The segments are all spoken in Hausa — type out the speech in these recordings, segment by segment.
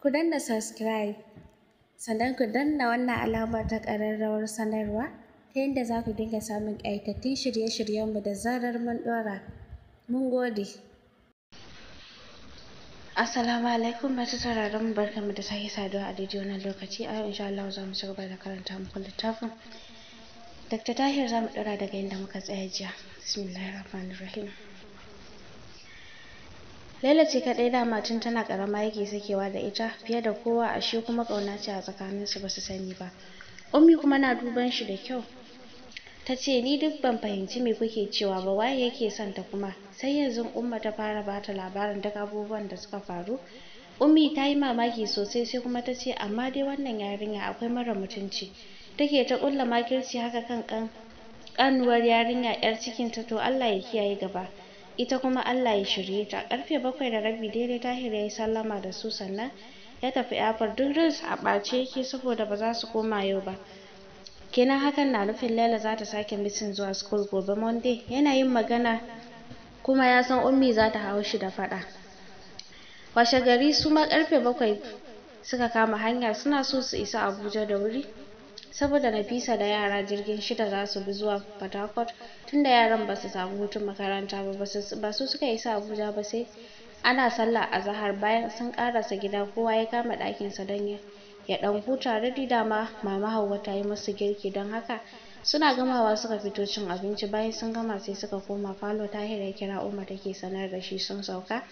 ku danna subscribe sannan ku danna wannan alamar ta ƙararrawar sanarwa ta yadda za ku dinga samun ƙaitattun shirye-shiryenmu da zarar mun ɗora mun gode Assalamu alaikum masu sauraron mu da sake saduwa a daidai wannan lokaci a yau insha Allah za mu ci gaba da karanta muku littafin Dr. Tahir za mu ɗora daga inda muka tsaya jiya. Bismillahirrahmanirrahim. Laila ce kaɗai dama tun tana ƙarama yake sakewa da ita fiye da kowa ashe kuma ƙauna ce a tsakaninsu ba su sani ba. Ummi kuma na duban shi da kyau. Ta ce ni duk ban fahimci me kuke cewa ba waye yake son ta kuma sai yanzu Umma ta fara bata labarin duk abubuwan da suka faru. Ummi ta yi mamaki sosai sai kuma ta ce amma dai wannan yarinya akwai mara mutunci. Take ta ƙulla makirci haka kan ƙanuwar yarinya 'yar cikinta to Allah ya kiyaye gaba. ita kuma Allah ya shirye ta karfe bakwai da rabi daidai tahir ya yi sallama da su sannan ya tafi airport duk rins a ɓace yake saboda ba za su koma yau ba kenan hakan na nufin Laila zata sake misin zuwa school gobe Monday yana yin magana kuma ya san ummi za hau shi da faɗa washe gari su ma karfe bakwai suka kama hanya suna so su isa Abuja da wuri saboda Nafisa da yara jirgin shida za su bi zuwa Port Harcourt tunda yaran ba su samu hutun makaranta ba ba su suka isa Abuja ba sai ana sallah azahar bayan sun karasa gida kowa ya kama ɗakinsa don ya ya ɗan huta da ma mama Hauwa ta yi musu girki don haka suna gamawa suka fito cin abinci bayan sun gama sai suka koma falo Tahir ya kira Umar take sanar da shi sun sauka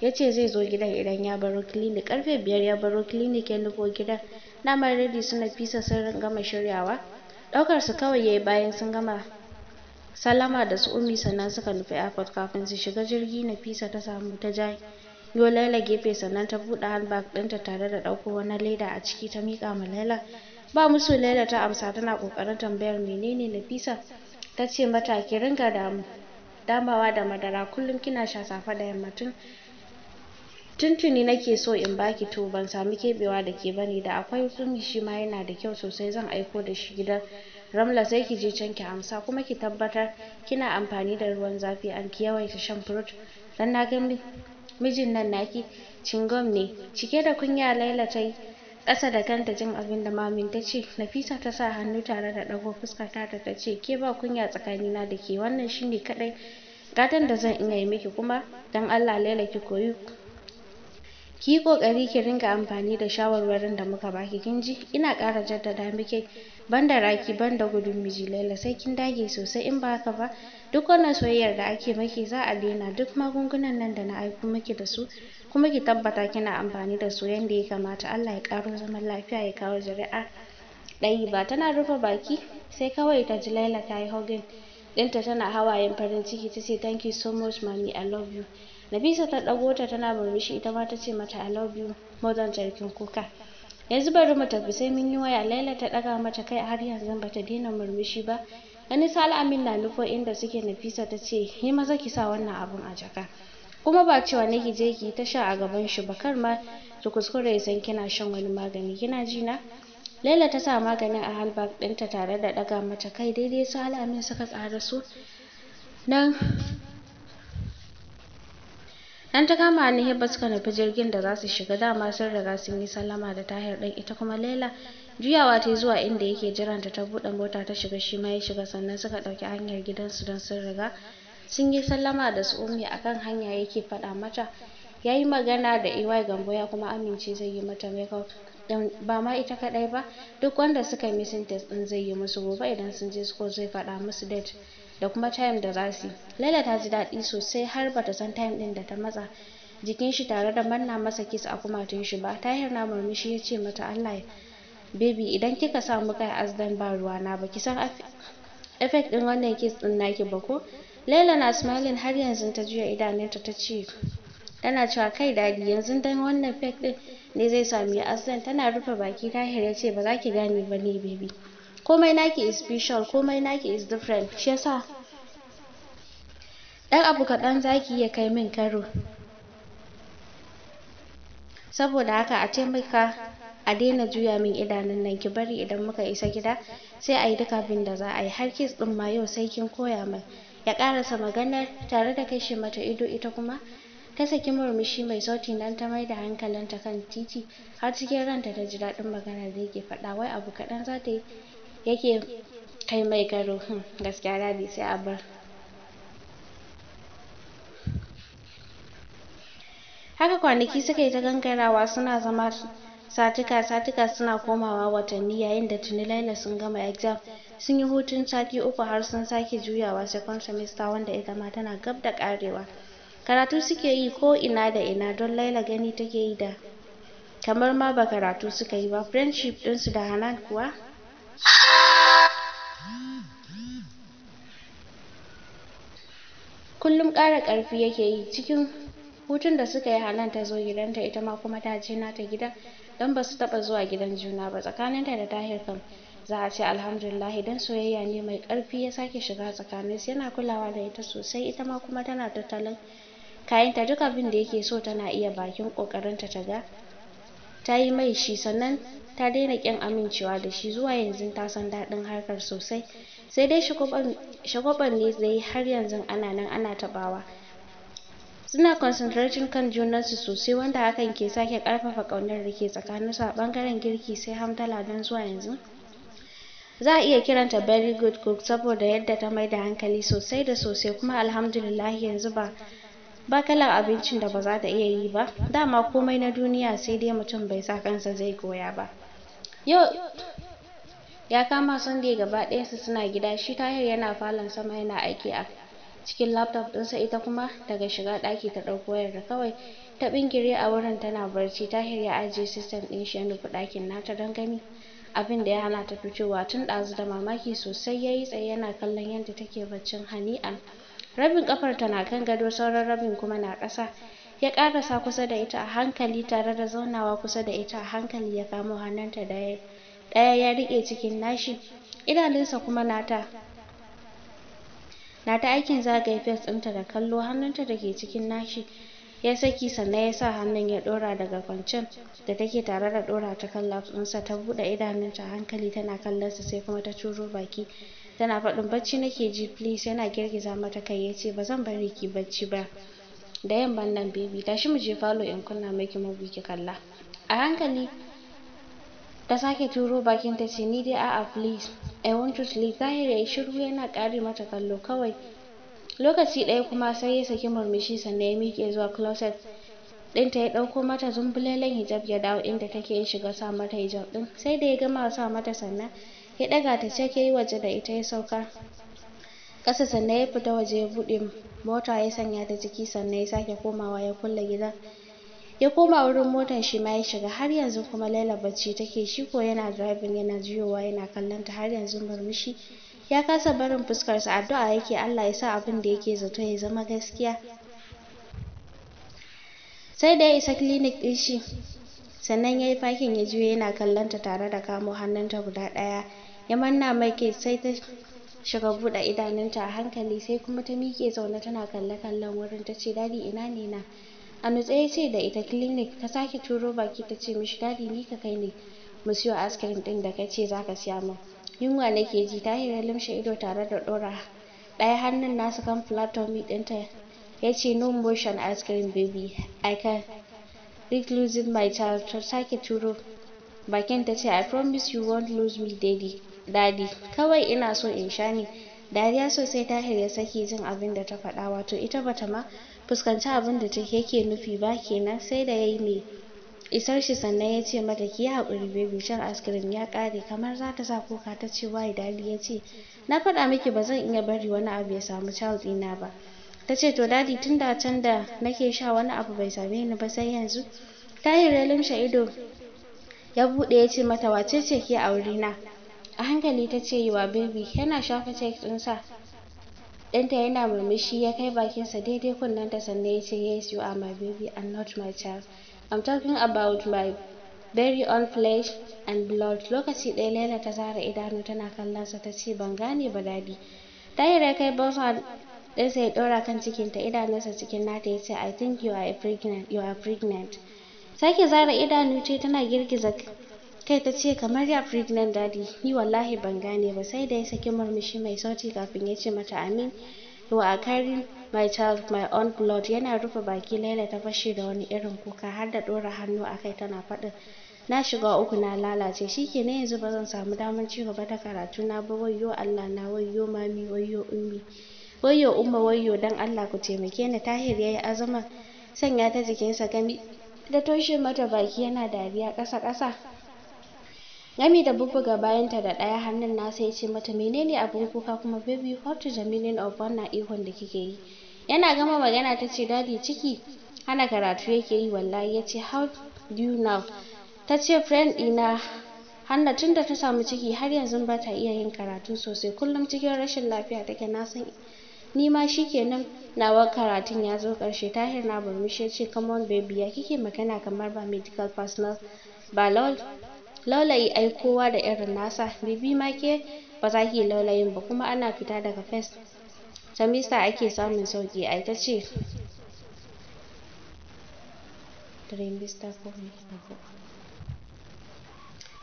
ya ce zai zo gidan idan ya baro clinic karfe biyar ya baro clinic ya nufo gidan damar redi su fisa sun gama shiryawa ɗaukar su kawai yayi bayan sun gama sallama da su ummi sannan suka nufi airport kafin su shiga jirgi na fisa ta samu ta ja yo laila gefe sannan ta buɗe handbag ɗinta tare da ɗauko wani leda a ciki ta mika ma laila ba musu laila ta amsa tana kokarin tambayar menene nafisa ta ce mata ki ringa damu damawa da madara kullum kina sha safe da yammacin. tuntuni nake so in baki to ban samu keɓewa da ke bane da akwai tsumi shi ma yana da kyau sosai zan aiko da shi gidan ramla sai ki je can ki amsa kuma ki tabbatar kina amfani da ruwan zafi an ki yawaita shan fruit dan na ga mijin nan naki cingom ne cike da kunya laila ta yi ƙasa da kanta jin abinda da mamin ta ce nafisa ta sa hannu tare da ɗago fuskar ta ta ce ke ba kunya tsakanina da ke wannan shine kaɗai gatan da zan iya yi miki kuma don allah laila ki koyi ki yi ƙoƙari ki ringa amfani da shawarwarin da muka baki kin ji ina ƙara jaddada miki banda raki banda gudun miji laila sai kin dage sosai in ba haka ba duk wannan soyayyar da ake maki za a daina duk magungunan nan da na aiko miki da su kuma ki tabbata kina amfani da su yanda ya kamata Allah ya ƙaro zaman lafiya ya kawo zuri'a ɗayi ba tana rufe baki sai kawai ta ji laila ta yi hugging ɗinta tana hawayen farin ciki ta ce thank you so much mummy i love you Nafisa ta ɗago ta tana murmushi ita ma ta ce mata I love you more than jarkin kuka. Yanzu bari mu tafi sai mun yi waya Laila ta ɗaga mata kai har yanzu bata daina murmushi ba. Wani sal amin na nufo inda suke Nafisa ta ce yi maza ki sa wannan abun a jaka. Kuma ba cewa nake je ki ta sha a gaban shi ba kar ma ki kuskure san kina shan wani magani kina ji na. Laila ta sa maganin a handbag ɗinta tare da ɗaga mata kai daidai su alamin suka karasu su nan nan ta kama ni hebba suka nufi jirgin da za su shiga dama sun riga sun yi sallama da tahir ɗin ita kuma laila juyawa ta zuwa inda yake jiranta ta buɗe mota ta shiga shi ma ya shiga sannan suka ɗauki hanyar gidansu don sun riga sun yi sallama da su ummi akan hanya yake faɗa mata ya yi magana da ay gambo ya kuma amince zai yi mata makeup ba ma ita kaɗai ba duk wanda suka yi missing test ɗin zai yi musu gobe idan sun je school zai faɗa musu date da kuma time da za su yi laila ta ji daɗi sosai har ba ta san time ɗin da ta matsa jikin shi tare da manna masa kiss a kumatun shi ba tahir na murmushi ya ce mata allah ya baby idan kika sa mu kai azdan ba ruwa na ki san effect ɗin wannan kiss ɗin naki ba ko laila na smiling har yanzu ta juya idanunta ta ce tana cewa kai dadi yanzu dan wannan fake din ne zai sami ya tana rufe baki tahir ya ce ba za ki gane ba ne baby komai naki is special komai naki is different shi yasa dan abu kaɗan za ki iya kai min karo saboda haka a taimaka a daina juya min idanun nan ki bari idan muka isa gida sai a yi duk abin da za a yi har kis ɗin ma yau sai kin koya min ya karasa maganar tare da kashe mata ido ita kuma ta saki murmushi mai sauti nan ta maida ta kan titi har cikin ranta ta ji daɗin maganar da yake faɗa wai abu kaɗan za ta yi yake kai mai karo hmm, gaskiya dadi sai a bar haka kwanaki suka yi ta gangarawa suna zama satuka satuka suna komawa watanni yayin da tuni laila sun gama exam sun yi hutun sati uku har sun sake juyawa second semester wanda ita ma tana gab da ƙarewa karatu suke yi ko ina da ina don laila gani take yi da kamar ma ba karatu suka yi ba friendship ɗinsu da hanan kuwa kullum ƙara ƙarfi yake yi cikin hutun da suka yi hanan ta zo gidanta ita ma kuma ta je nata gida don ba su taɓa zuwa gidan juna ba tsakaninta da tahir kam za a ce alhamdulillah don soyayya ne mai ƙarfi ya sake shiga tsakaninsu yana kulawa da ita sosai ita ma kuma tana tattalin kayanta duk abin da yake so tana iya bakin ƙoƙarinta ta ga ta yi mai shi sannan ta daina ƙin amincewa da shi zuwa yanzu ta san daɗin harkar sosai sai dai shagwaban ne dai har yanzu ana nan ana taɓawa suna concentrating kan junansu sosai wanda hakan ke sake ƙarfafa ƙaunar da ke tsakaninsu a ɓangaren girki sai hamtala don zuwa yanzu za a iya kiranta very good cook saboda yadda ta mai da hankali sosai da sosai kuma alhamdulillah yanzu ba ba kalar abincin da ba za ta iya yi ba dama komai na duniya sai dai mutum bai sa kansa zai koya ba yau ya kama sunday gaba su suna gida shi Tahir yana falon sama yana aiki a cikin laptop ɗinsa ita kuma daga shiga ɗaki ta ɗauko wayar da kawai ta ɓingire a wurin tana barci tahir ya ajiye system ɗin shi ya nufi ɗakin nata don gani abin da ya hana ta fitowa tun ɗazu da mamaki sosai ya yi tsaye yana kallon yadda take baccin hani'a. rabin kafar ta na kan gado sauran rabin kuma na ƙasa ya ƙarasa kusa da ita a hankali tare da zaunawa kusa da ita a hankali ya kamo hannunta ɗaya ya riƙe cikin nashi idanunsa kuma nata na ta aikin zagaye fes ɗinta da kallo hannunta da ke cikin nashi ya saki sannan ya sa hannun ya ɗora daga kwancen da take tare da ɗora ta kan laps ta buɗe idanunta a hankali tana kallonsa sai kuma ta curo baki tana faɗin bacci nake ji please yana girgiza mata kai yace ba zan bari ki bacci ba da yamman nan baby tashi muje falo in kunna miki mugu ki kalla a hankali ta sake turo bakin ta ce ni dai a'a please I want to sleep Tahir yayi shiru yana ƙare mata kallo kawai lokaci ɗaya kuma sai ya saki murmushi sannan ya miƙe zuwa closet ɗinta ya ɗauko mata zumbulalen hijab ya dawo inda take ya shiga sa mata hijab ɗin sai da ya gama sa mata sannan ya ɗaga ta cak ya yi waje da ita ya sauka ƙasa sannan ya fita waje ya buɗe mota ya sanya ta ciki sannan ya sake komawa ya kulle gidan ya koma wurin motan shi ma ya shiga har yanzu kuma Laila bacci take shi ko yana driving yana juyowa yana kallon ta har yanzu murmushi ya kasa barin fuskarsa, sa addu'a yake Allah ya sa abin da yake zato ya zama gaskiya sai da ya isa clinic ɗin shi sannan ya yi fakin ya juyo yana kallonta tare da kamo hannunta guda ɗaya ya manna mai ke sai ta shiga buɗe idanunta a hankali sai kuma ta miƙe zaune tana kalle kallon wurin ta ce dadi ina ne na a nutse ya ce da ita clinic ta sake turo baki ta ce mishi dadi ni ka kai ne mu siyo askirin ɗin da ka ce za siya min yunwa nake ji ta ya limshe ido tare da ɗora ɗaya hannun nasu kan platomi ɗinta ya ce no motion ice cream baby i can Rick losing my child ta sake turo bakin ta ce I promise you won't lose me daddy daddy kawai ina so in sha ne dariya sosai tahir ya saki jin abin da ta faɗa wato ita bata ma fuskanci abin da ta yake nufi ba kenan sai da yayi mai isar shi sannan ya ce mata ki yi haƙuri baby shan askirin ya ƙare kamar zata sa kuka ta ce why dali ya ce na faɗa miki ba zan iya bari wani abu ya samu child ɗina ba tace to dadi tun da can da nake sha wani abu bai same ni ba sai yanzu tahir ya lumshe ido ya buɗe yace mata wace ce ke a na? a hankali tace ce wa baby yana shafa cek ɗinsa ɗanta yana murmushi ya kai bakinsa daidai kunnen ta sannan yace ce yes you are my baby and not my child i'm talking about my very own flesh and blood lokaci ɗaya laila ta zara idanu tana kallonsa ta ce ban gane ba dadi tahir ya kai bosa sai ya ɗora kan cikin cikinta idanunsa cikin nata ya ce I think you are pregnant you are pregnant sake zara idanu ce tana girgiza kai ta ce kamar ya pregnant daddy ni wallahi ban gane ba sai da ya saki murmushi mai sauti kafin ya ce mata amin you are carrying my child my own blood yana rufe baki Laila ta fashe da wani irin kuka har da ɗora hannu a kai tana faɗin na shiga uku na lalace shi kenan yanzu ba zan samu damar ci gaba da karatu na ba wayyo Allah na wayyo mami wayyo ummi wayyo umma wayyo dan Allah ku taimake ni tahir yayi azama sanya ta jikinsa gami da toshe mata baki yana dariya ƙasa ƙasa gami da bubbuga bayanta da ɗaya hannun nasa ya ce mata menene abin kuka kuma baby what is the meaning of wannan ihun da kike yi yana gama magana ta ce dadi ciki hana karatu yake yi wallahi yace ce how do you know ta ce friend ɗina Hanna tun da ta samu ciki har yanzu ba ta iya yin karatu sosai kullum cikin rashin lafiya take na san nima ma shikenan nawa karatun ya zo ƙarshe tahir na murmushi ya ce come on baby ya kike magana kamar ba medical personnel ba laulayi ai kowa da irin nasa bibi ma ke ba za ki laulayin ba kuma ana fita daga fes ta mista ake samun sauki ai ta ce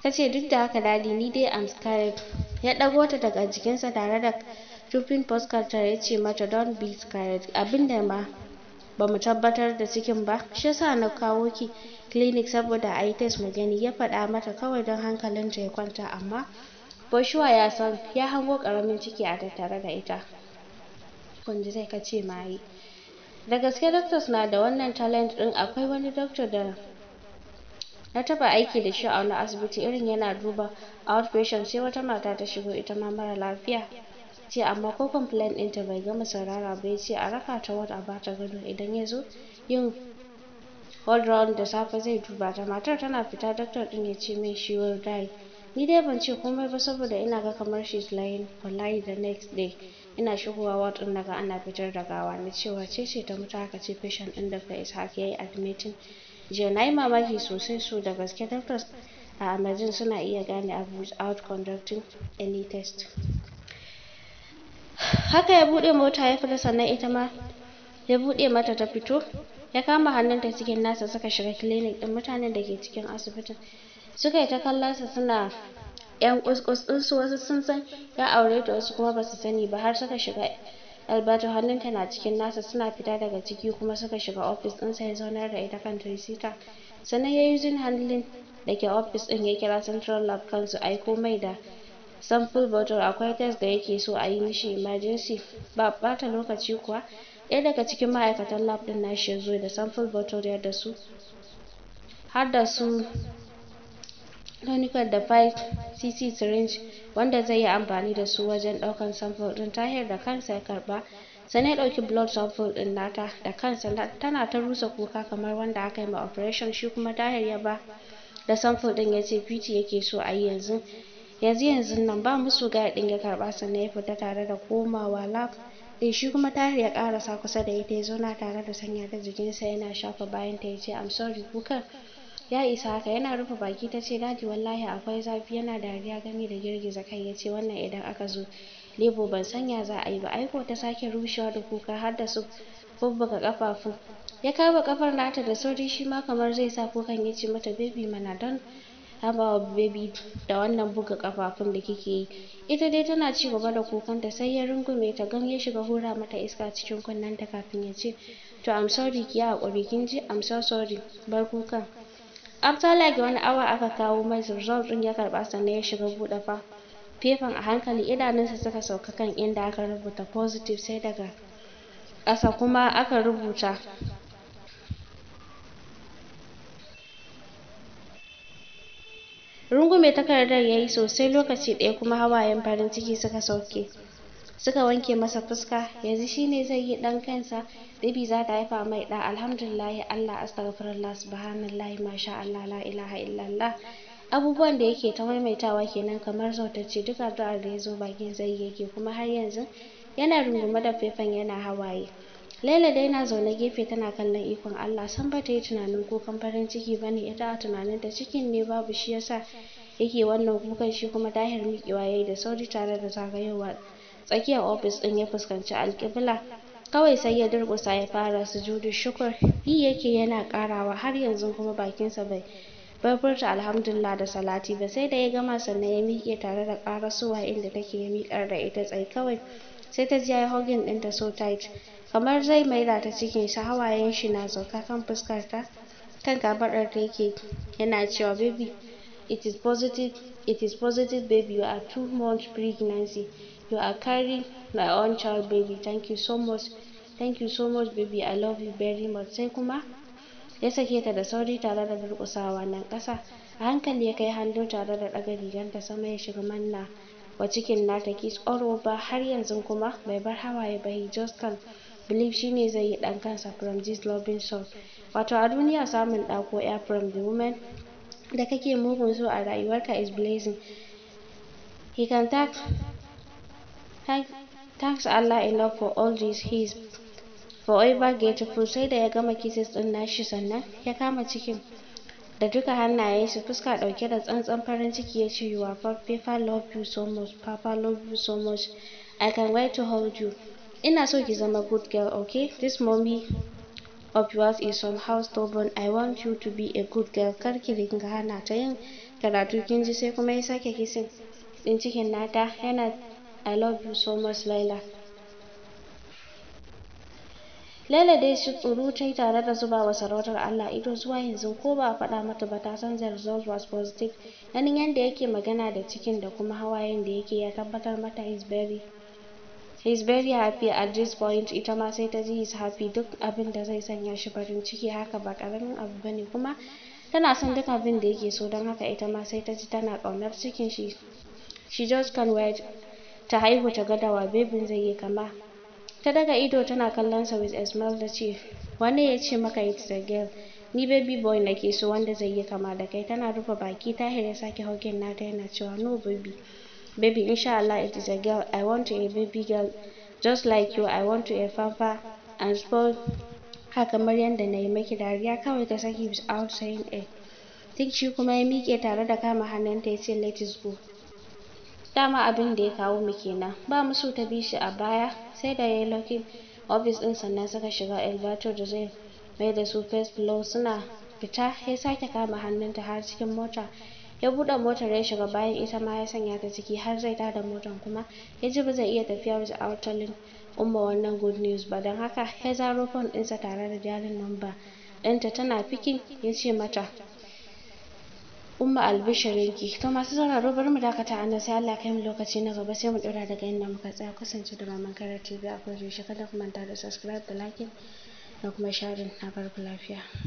ta ce duk da haka dadi ni dai am scared ya ɗago ta daga jikinsa tare da rufin fuskar ta ya ce mata don be scared abinda ma ba mu tabbatar da cikin ba shi sa na kawo ki clinic saboda a yi test mu gani ya faɗa mata kawai don hankalin ta ya kwanta amma Boshua ya san ya hango ƙaramin ciki a tattare da ita kun ji sai ka ce ma yi. da gaske doctors na da wannan talent ɗin akwai wani doctor da na taɓa aiki da shi a wani asibiti irin yana duba outpatient sai wata mata ta shigo ita ma mara lafiya ce amma ko complain ta bai gama saurara ba ya ce a raka ta ward a bata gado idan ya zo yin ward round da safe zai duba ta matar tana fita doctor ɗin ya ce min she will die ni dai ban ce komai ba saboda ina ga kamar she is lying wallahi the next day ina shigowa ward ɗin naga ana fitar da gawa na ce wace ce ta mutu haka ce patient ɗin da isa ya yayi admitting jiya na mamaki sosai so da gaske doctors a amazon suna iya gane abu without conducting any test haka ya buɗe mota ya fita sannan ita ma ya buɗe mata ta fito ya kama hannunta cikin nasa suka shiga clinic ɗin mutanen da ke cikin asibitin suka yi ta kallon sa suna yan kuskus su wasu sun san ya aure ta wasu kuma basu sani ba har suka shiga Alberto hannunta na cikin nasa suna fita daga ciki kuma suka shiga ofis ɗinsa ya zaunar da ita kan tirisita sannan ya yi handling da ke ofis ɗin ya kira central lab kansu aiko mai da sample bottle akwai test da yake so a yi mishi emergency ba ɓata lokaci kuwa ɗaya daga cikin ma'aikatan lab ɗin nashi ya zo da sample bottle ya har da su da 5 cc syringe wanda zai yi amfani da su wajen ɗaukan sample ɗin tahir da kansa ya karɓa sannan ya ɗauki blood sample ɗin nata da kansa tana ta rusa kuka kamar wanda aka yi ma operation shi kuma tahir ya ba da sample ɗin ya ce pt yake so ayi yanzu yanzu yanzun nan ba musu gayar ɗin ya karɓa sannan ya fita tare da komawa lab ɗin shi kuma ta ya sa kusa da ita ya zauna tare da sanya ta jikinsa yana shafa bayan ta ya ce am sorry kukan ya isa haka yana rufe baki ta ce daji wallahi akwai zafi yana dariya gami da girgiza kai ya ce wannan idan aka zo lebo ban sanya za a yi ba aiko ta sake rushewa da kuka har da su bubbuga ƙafafu ya kama ƙafar nata da sauri shi ma kamar zai sa kukan ya ce mata baby mana don haba baby da wannan buga kafafun da kike yi ita dai tana cigaba gaba da kukanta sai ya rungume ta gam ya shiga hura mata iska cikin kunnen ta kafin ya ce to i'm sorry ki haƙuri kin ji i'm so sorry bar kukan after like wani awa aka kawo mai result din ya karɓa sannan ya shiga buɗe fa fefan a hankali idanunsa suka sauka kan inda aka rubuta positive sai daga ƙasa kuma aka rubuta rungume takardar ya yi sosai lokaci ɗaya kuma hawayen farin ciki suka sauke suka wanke masa fuska yanzu shi ne zai yi ɗan kansa ɗibi za ta haifa mai ɗa alhamdulillahi allah astaghfirullah subhanallahi masha allah la ilaha illallah abubuwan da yake ta maimaitawa kenan kamar zautacce duk addu'ar da ya zo bakin zai yake kuma har yanzu yana rungume da faifan yana hawaye Laila dai na zaune gefe tana kallon ikon Allah san ba ta yi tunanin kukan farin ciki ba ne ita a tunanin ta cikin ne babu shi yasa yake wannan kukan shi kuma Tahir miƙewa ya yi da sauri tare da zagayowa tsakiyar ofis ɗin ya fuskanci alƙibla kawai sai ya durƙusa ya fara sujudu shukur yi yake yana ƙarawa har yanzu kuma bakinsa bai bai furta alhamdulillah da salati ba sai da ya gama sannan ya miƙe tare da sowa inda take ya miƙar da ita tsaye kawai sai ta ji ya yi ɗinta so tight kamar zai maida ta cikin sa hawayen shi na sauka kan fuskarta kan kafaɗar ta yake yana cewa baby it is positive it is positive baby you are two months pregnancy you are carrying my own child baby thank you so much thank you so much baby I love you very much sai kuma ya sake ta da sauri tare da durƙusawa nan ƙasa a hankali ya kai hannu tare da ɗaga ta sama ya shiga manna wa cikin nata kiss all over har yanzu kuma bai bar hawaye ba he just Believe ne zai yi ɗan kansa from this loving Song, Wato a duniya samun ɗa ko ‘ya, from the woman da kake mugun so a rayuwarka is blessing. He can thank thank thanks Allah enough for all this he is forever grateful. Sai da ya gama kisses ɗin nashi sannan ya kama cikin da duka hannaye shi fuska ɗauke da tsantsan farin ciki ya ce you are Papa love you so much Papa love you so much I can't wait to hold you. ina so ki zama good girl okay this mommy of yours is somehow stubborn i want you to be a good girl kar ki dinga hana ta yin karatu kin ji sai kuma ya sake kisin din cikin nata yana i love you so much laila Laila dai shi tsoro ta tare da zuba wa sarautar Allah ido zuwa yanzu ko ba a faɗa mata ba ta san the result was positive. Ganin yadda yake magana da cikin da kuma hawayen da yake ya tabbatar mata is very he is very happy at this point ita ma sai ta ji is happy duk abin da zai sanya shi farin ciki haka ba ƙaramin abu bane kuma tana son duk abin da yake so don haka ita ma sai ta ji tana ƙaunar cikin shi she just can't wait ta haihu ta ga dawa bebin zai yi kama ta daga ido tana kallon sa with a smile ta ce wani ya ce maka it's a girl ni baby boy nake so wanda zai yi kama da kai tana rufe baki tahir ya sake hogin nata yana cewa no baby baby inshallah it is a girl i want a baby girl just like you i want a pamper and spoil ha kamar yadda na yi miki dariya kawai ta saki without saying a duk shi kuma ya miƙe tare da kama hannunta ya ce let us go dama abin da ya kawo mu kenan ba mu so ta bi a baya sai da ya yi locking office ɗin sannan suka shiga elevator da zai mai da su first floor suna fita ya sake kama hannunta har cikin mota ya buɗe motar ya shiga bayan ita ma ya sanya ta ciki har zai tada motar kuma ya ji ba zai iya tafiya without telling Umma wannan good news ba don haka ya zaro phone dinsa tare da dialing number ɗinta tana fikin ya ce mata Umma albishirinki to masu sauraro bari mu dakata a nan sai Allah kai mu lokaci na gaba sai mu ɗora daga inda muka tsaya kusance da Maman Kara TV a koyaushe kada ku manta da subscribe da liking da kuma sharing na barku lafiya.